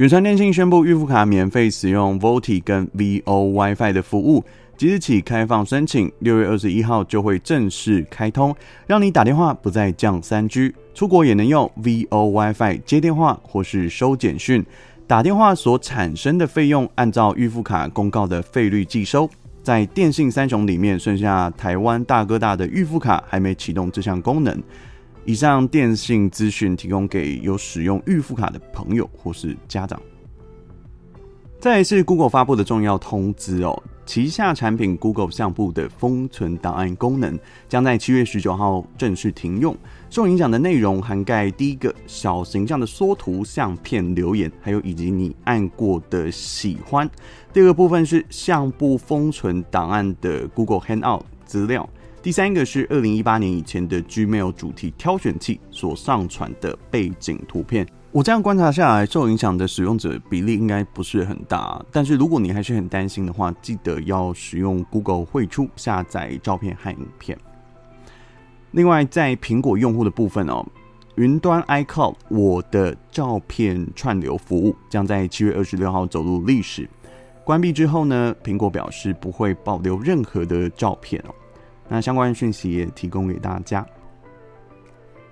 遠傳電信宣布，預付卡免費使用 VoLTE 跟 VoWiFi 的服務，即日起開放申請，六月二十一號就會正式開通，讓你打電話不再降三 G，出國也能用 VoWiFi 接電話或是收簡訊，打電話所產生的費用按照預付卡公告的費率計收。在電信三雄裡面，剩下台灣大哥大的預付卡還沒啟動這項功能。以上電信資訊提供給有使用預付卡的朋友或是家長。再是 Google 發布的重要通知哦，旗下產品 Google 相簿的封存檔案功能將在七月十九號正式停用。受影響的內容涵蓋第一個小形象的縮圖、相片、留言，還有以及你按過的喜歡。第二部分是相簿封存檔案的 Google Hangout 資料。第三個是二零一八年以前的 Gmail 主題挑選器所上傳的背景圖片。我這樣觀察下來，受影響的使用者比例應該不是很大。但是如果你還是很擔心的話，記得要使用 Google 匯出下載照片和影片。另外，在蘋果用戶的部分哦，雲端 iCloud 我的照片串流服務將在七月二十六號走入歷史。關閉之後呢，蘋果表示不會保留任何的照片哦。那相關訊息也提供給大家。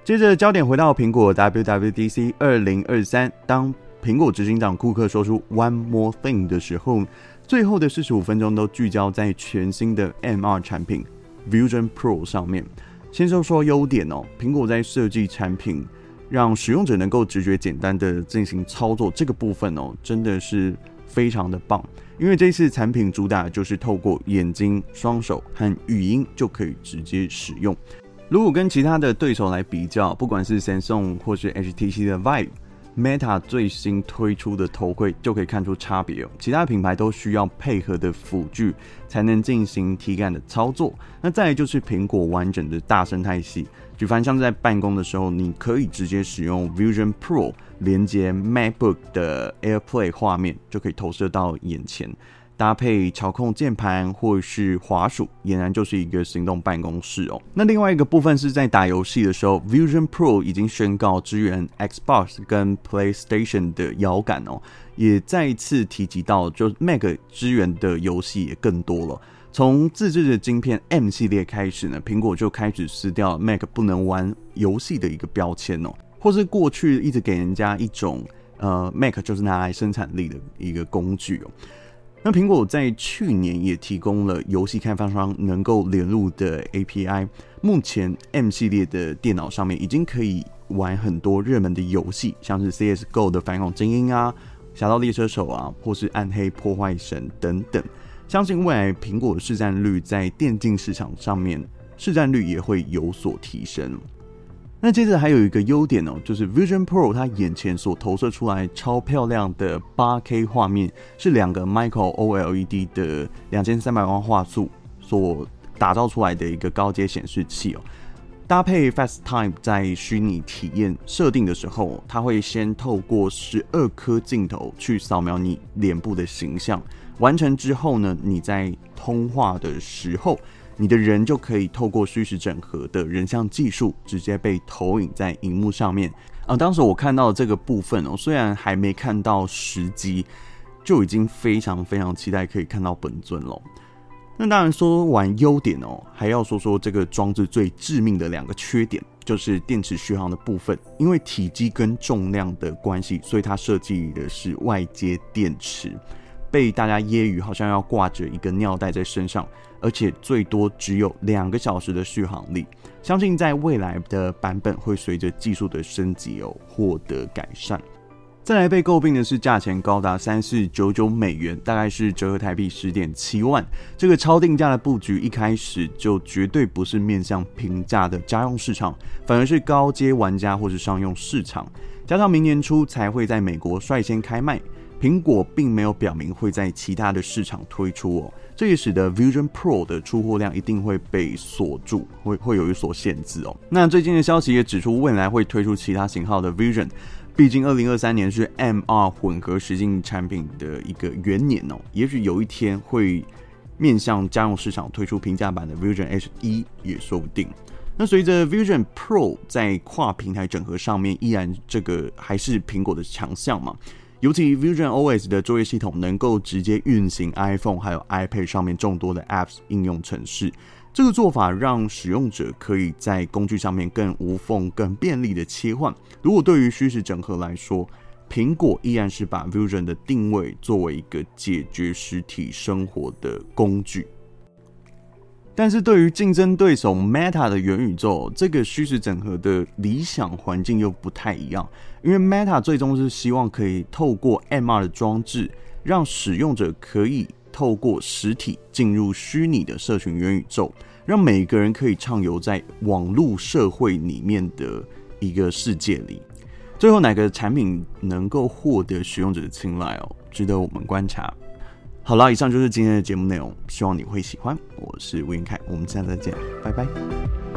接着焦點回到蘋果 WWDC 二零二三，2023, 當蘋果執行長庫克說出 One More Thing 的時候，最後的四十五分鐘都聚焦在全新的 MR 產品 Vision Pro 上面。先說說優點哦，蘋果在設計產品，讓使用者能夠直覺簡單的進行操作，這個部分哦，真的是非常的棒。因為這次產品主打就是透過眼睛、雙手和語音就可以直接使用。如果跟其他的對手來比較，不管是 Samsung 或是 HTC 的 Vive。Meta 最新推出的頭盔就可以看出差別哦，其他品牌都需要配合的輔具才能進行體感的操作。那再來就是蘋果完整的大生態系，舉凡像在辦公的時候，你可以直接使用 Vision Pro 連接 MacBook 的 AirPlay 畫面，就可以投射到眼前。搭配操控鍵盤或是滑鼠，儼然就是一個行動辦公室哦。那另外一個部分是在打遊戲的時候，Vision Pro 已經宣告支援 Xbox 跟 PlayStation 的搖桿哦，也再一次提及到，就是 Mac 支援的遊戲也更多了。從自制的晶片 M 系列開始呢，蘋果就開始撕掉 Mac 不能玩遊戲的一個標籤哦，或是過去一直給人家一種呃 Mac 就是拿來生產力的一個工具哦。那蘋果在去年也提供了遊戲開發商能夠連入的 API，目前 M 系列的電腦上面已經可以玩很多熱門的遊戲，像是 CSGO 的反恐精英啊、俠盜獵車手啊，或是暗黑破壞神等等。相信未來蘋果的市佔率在電競市場上面，市佔率也會有所提升。那接着還有一個優點哦，就是 Vision Pro 它眼前所投射出來超漂亮的 8K 畫面，是兩個 Micro OLED 的兩千三百萬畫素所打造出來的一個高階顯示器哦。搭配 FaceTime 在虛擬體驗設定的時候，它會先透過十二顆鏡頭去掃描你臉部的形象，完成之後呢，你在通話的時候，你的人就可以透過虛實整合的人像技術，直接被投影在熒幕上面啊！當時我看到的這個部分哦，雖然還沒看到實機，就已經非常非常期待可以看到本尊了。那當然說完優點哦，還要說說這個裝置最致命的兩個缺點，就是電池續航的部分。因為體積跟重量的關係，所以它設計的是外接電池。被大家揶揄，好像要掛着一個尿袋在身上，而且最多只有兩個小時的續航力。相信在未來的版本會隨着技術的升級有、哦、獲得改善。再來被詬病的是，價錢高達三四九九美元，大概是折合台幣十點七萬。這個超定價的佈局一開始就絕對不是面向平價的家用市場，反而是高階玩家或是商用市場。加上明年初才會在美國率先開賣。蘋果並沒有表明會在其他的市場推出哦，這也使得 Vision Pro 的出貨量一定會被鎖住，會會有一所限制哦。那最近的消息也指出，未來會推出其他型號的 Vision，畢竟二零二三年是 MR 混合實境產品的一個元年哦，也許有一天會面向家用市場推出平價版的 Vision H1 也說不定。那隨着 Vision Pro 在跨平台整合上面，依然這個還是蘋果的強項嘛。尤其 Vision OS 的作業系統能夠直接運行 iPhone 還有 iPad 上面眾多的 Apps 應用程式，這個做法讓使用者可以在工具上面更無縫、更便利的切換。如果對於虛實整合來說，蘋果依然是把 Vision 的定位作為一個解決實體生活的工具。但是對於競爭對手 Meta 的元宇宙，這個虛實整合的理想環境又不太一樣，因為 Meta 最終是希望可以透過 MR 的裝置，讓使用者可以透過實體進入虛擬的社群元宇宙，讓每個人可以暢遊在網絡社會裡面的一個世界裡。最後，哪個產品能夠獲得使用者的青睞？值得我們觀察。好了，以上就是今天的節目內容，希望你會喜歡。我是吳晏愷，我們下次再見，拜拜。